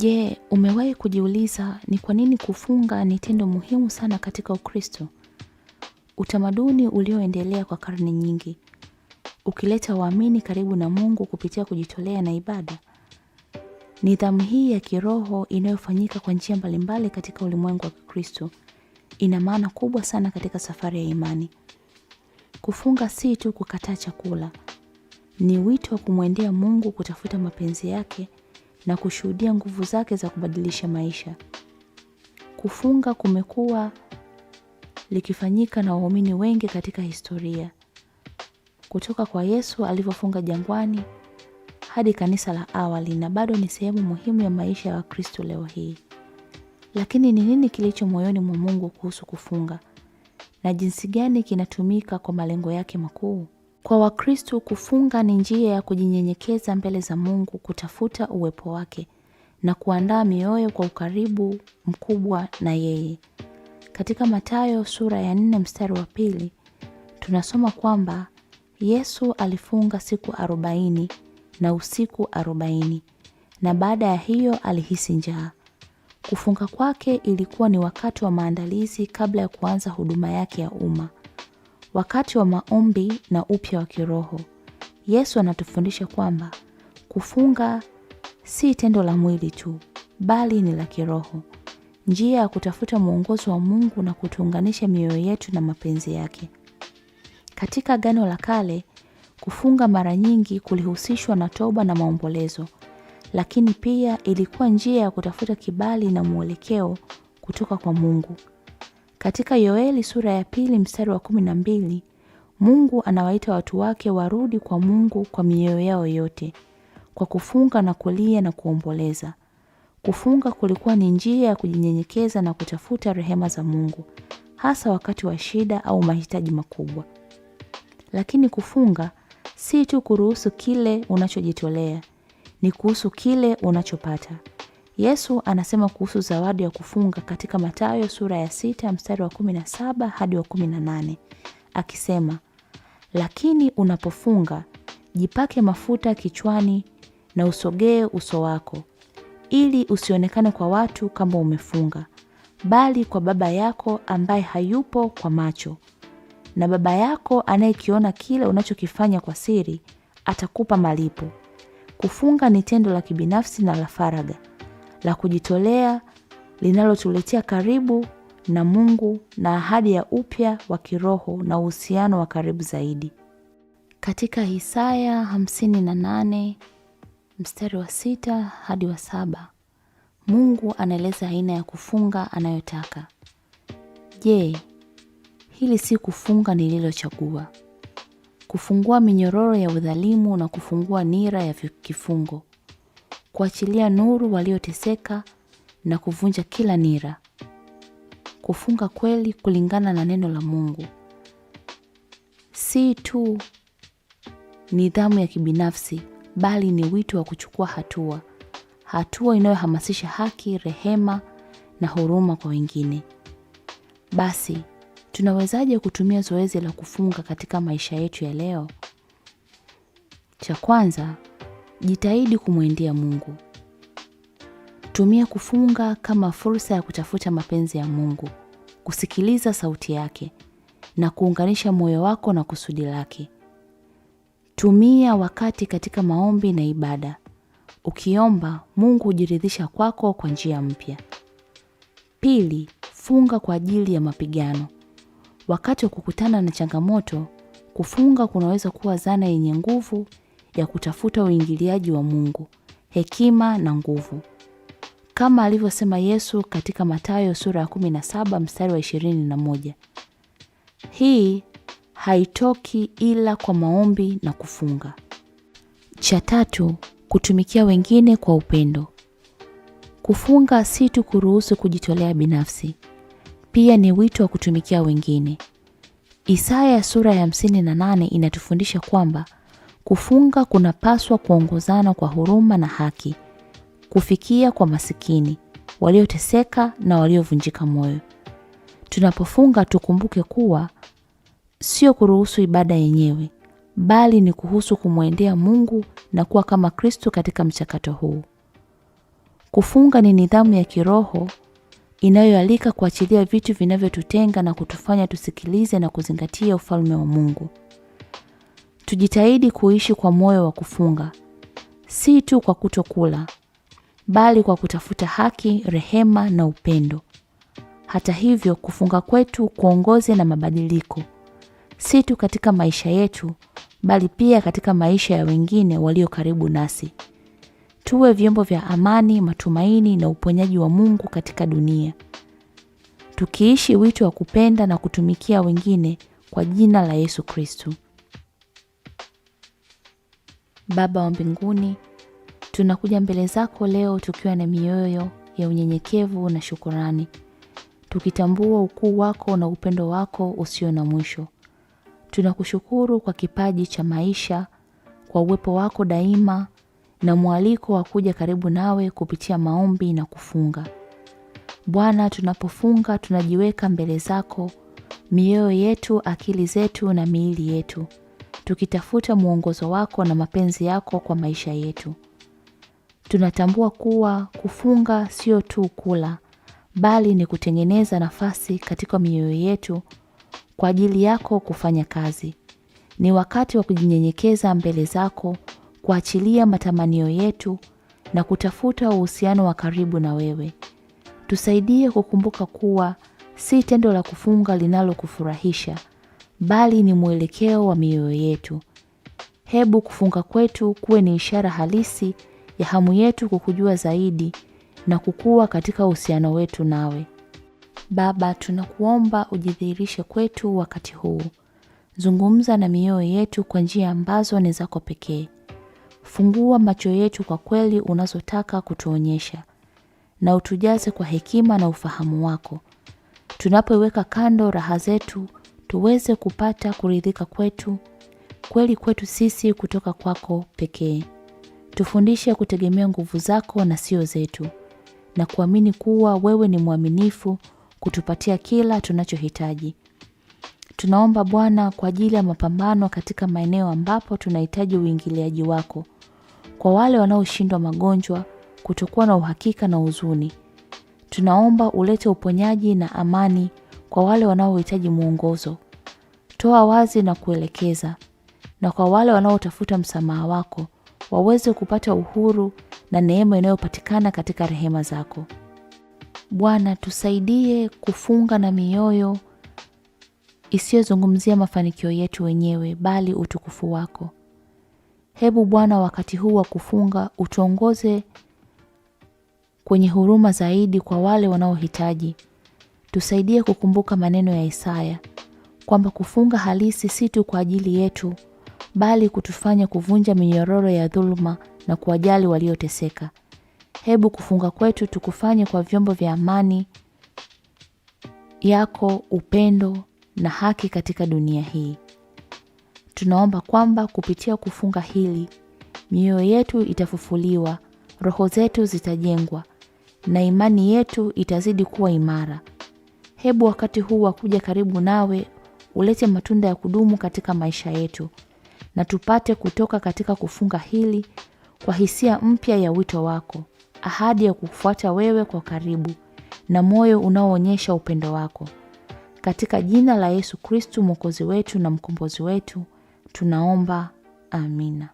Je, umewahi kujiuliza ni kwa nini kufunga ni tendo muhimu sana katika Ukristo? Utamaduni ulioendelea kwa karne nyingi ukileta waamini karibu na Mungu kupitia kujitolea na ibada. Nidhamu hii ya kiroho inayofanyika kwa njia mbalimbali katika ulimwengu wa Kikristo ina maana kubwa sana katika safari ya imani. Kufunga si tu kukataa chakula, ni wito wa kumwendea Mungu, kutafuta mapenzi yake na kushuhudia nguvu zake za kubadilisha maisha. Kufunga kumekuwa likifanyika na waumini wengi katika historia, kutoka kwa Yesu alivyofunga jangwani hadi kanisa la awali, na bado ni sehemu muhimu ya maisha ya Wakristo leo hii. Lakini ni nini kilicho moyoni mwa Mungu kuhusu kufunga na jinsi gani kinatumika kwa malengo yake makuu? Kwa Wakristo, kufunga ni njia ya kujinyenyekeza mbele za Mungu, kutafuta uwepo wake na kuandaa mioyo kwa ukaribu mkubwa na yeye. Katika Mathayo sura ya nne mstari wa pili tunasoma kwamba Yesu alifunga siku arobaini na usiku arobaini na baada ya hiyo alihisi njaa. Kufunga kwake ilikuwa ni wakati wa maandalizi kabla ya kuanza huduma yake ya umma. Wakati wa maombi na upya wa kiroho, Yesu anatufundisha kwamba kufunga si tendo la mwili tu, bali ni la kiroho, njia ya kutafuta mwongozo wa Mungu na kutuunganisha mioyo yetu na mapenzi yake. Katika Agano la Kale, kufunga mara nyingi kulihusishwa na toba na maombolezo, lakini pia ilikuwa njia ya kutafuta kibali na mwelekeo kutoka kwa Mungu. Katika Yoeli sura ya pili mstari wa kumi na mbili Mungu anawaita watu wake warudi kwa Mungu kwa mioyo yao yote kwa kufunga na kulia na kuomboleza. Kufunga kulikuwa ni njia ya kujinyenyekeza na kutafuta rehema za Mungu, hasa wakati wa shida au mahitaji makubwa. Lakini kufunga si tu kuruhusu kile unachojitolea, ni kuhusu kile unachopata. Yesu anasema kuhusu zawadi ya kufunga katika Mathayo sura ya sita mstari wa kumi na saba hadi wa kumi na nane akisema, lakini unapofunga jipake mafuta kichwani na usogee uso wako, ili usionekane kwa watu kama umefunga, bali kwa Baba yako ambaye hayupo kwa macho, na Baba yako anayekiona kile unachokifanya kwa siri atakupa malipo. Kufunga ni tendo la kibinafsi na la faragha la kujitolea linalotuletea karibu na Mungu na ahadi ya upya wa kiroho na uhusiano wa karibu zaidi. Katika Isaya hamsini na nane mstari wa sita hadi wa saba Mungu anaeleza aina ya kufunga anayotaka. Je, hili si kufunga nililochagua, kufungua minyororo ya udhalimu na kufungua nira ya kifungo kuachilia nuru walioteseka na kuvunja kila nira, kufunga kweli kulingana na neno la Mungu, si tu nidhamu ya kibinafsi, bali ni wito wa kuchukua hatua, hatua inayohamasisha haki, rehema na huruma kwa wengine. Basi tunawezaje kutumia zoezi la kufunga katika maisha yetu ya leo? Cha kwanza, jitahidi kumwendea Mungu. Tumia kufunga kama fursa ya kutafuta mapenzi ya Mungu, kusikiliza sauti yake na kuunganisha moyo wako na kusudi lake. Tumia wakati katika maombi na ibada. Ukiomba, Mungu hujiridhisha kwako kwa njia mpya. Pili, funga kwa ajili ya mapigano. Wakati wa kukutana na changamoto, kufunga kunaweza kuwa zana yenye nguvu ya kutafuta uingiliaji wa Mungu, hekima na nguvu, kama alivyosema Yesu katika Mathayo sura ya 17 mstari wa 21. Hii haitoki ila kwa maombi na kufunga. Cha tatu, kutumikia wengine kwa upendo. Kufunga si tu kuruhusu kujitolea binafsi, pia ni wito wa kutumikia wengine. Isaya sura ya 58 inatufundisha kwamba Kufunga kunapaswa kuongozana kwa huruma na haki, kufikia kwa masikini, walioteseka na waliovunjika moyo. Tunapofunga tukumbuke kuwa sio kuruhusu ibada yenyewe, bali ni kuhusu kumwendea Mungu na kuwa kama Kristo katika mchakato huu. Kufunga ni nidhamu ya kiroho inayoalika kuachilia vitu vinavyotutenga na kutufanya tusikilize na kuzingatia ufalme wa Mungu. Tujitahidi kuishi kwa moyo wa kufunga, si tu kwa kutokula, bali kwa kutafuta haki, rehema na upendo. Hata hivyo, kufunga kwetu kuongoze na mabadiliko, si tu katika maisha yetu, bali pia katika maisha ya wengine walio karibu nasi. Tuwe vyombo vya amani, matumaini na uponyaji wa Mungu katika dunia, tukiishi wito wa kupenda na kutumikia wengine kwa jina la Yesu Kristo. Baba wa mbinguni, tunakuja mbele zako leo tukiwa na mioyo ya unyenyekevu na shukurani, tukitambua ukuu wako na upendo wako usio na mwisho. Tunakushukuru kwa kipaji cha maisha, kwa uwepo wako daima na mwaliko wa kuja karibu nawe kupitia maombi na kufunga. Bwana, tunapofunga tunajiweka mbele zako, mioyo yetu, akili zetu na miili yetu tukitafuta mwongozo wako na mapenzi yako kwa maisha yetu. Tunatambua kuwa kufunga sio tu kula, bali ni kutengeneza nafasi katika mioyo yetu kwa ajili yako kufanya kazi. Ni wakati wa kujinyenyekeza mbele zako, kuachilia matamanio yetu na kutafuta uhusiano wa karibu na wewe. Tusaidie kukumbuka kuwa si tendo la kufunga linalokufurahisha bali ni mwelekeo wa mioyo yetu. Hebu kufunga kwetu kuwe ni ishara halisi ya hamu yetu kukujua zaidi na kukua katika uhusiano wetu nawe. Baba, tunakuomba ujidhihirishe kwetu wakati huu. Zungumza na mioyo yetu kwa njia ambazo ni zako pekee. Fungua macho yetu kwa kweli unazotaka kutuonyesha, na utujaze kwa hekima na ufahamu wako. Tunapoiweka kando raha zetu tuweze kupata kuridhika kwetu kweli kwetu sisi kutoka kwako pekee. Tufundishe kutegemea nguvu zako na sio zetu, na kuamini kuwa wewe ni mwaminifu kutupatia kila tunachohitaji. Tunaomba Bwana kwa ajili ya mapambano katika maeneo ambapo tunahitaji uingiliaji wako, kwa wale wanaoshindwa magonjwa, kutokuwa na uhakika na huzuni, tunaomba ulete uponyaji na amani kwa wale wanaohitaji mwongozo, toa wazi na kuelekeza, na kwa wale wanaotafuta msamaha wako waweze kupata uhuru na neema inayopatikana katika rehema zako. Bwana, tusaidie kufunga na mioyo isiyozungumzia mafanikio yetu wenyewe, bali utukufu wako. Hebu Bwana, wakati huu wa kufunga utuongoze kwenye huruma zaidi kwa wale wanaohitaji, tusaidie kukumbuka maneno ya Isaya kwamba kufunga halisi si tu kwa ajili yetu, bali kutufanya kuvunja minyororo ya dhuluma na kuwajali walioteseka. Hebu kufunga kwetu tukufanye kwa vyombo vya amani yako, upendo na haki katika dunia hii. Tunaomba kwamba kupitia kufunga hili mioyo yetu itafufuliwa, roho zetu zitajengwa na imani yetu itazidi kuwa imara. Hebu wakati huu wa kuja karibu nawe ulete matunda ya kudumu katika maisha yetu na tupate kutoka katika kufunga hili kwa hisia mpya ya wito wako, ahadi ya kufuata wewe kwa karibu na moyo unaoonyesha upendo wako. Katika jina la Yesu Kristu mwokozi wetu na mkombozi wetu tunaomba, amina.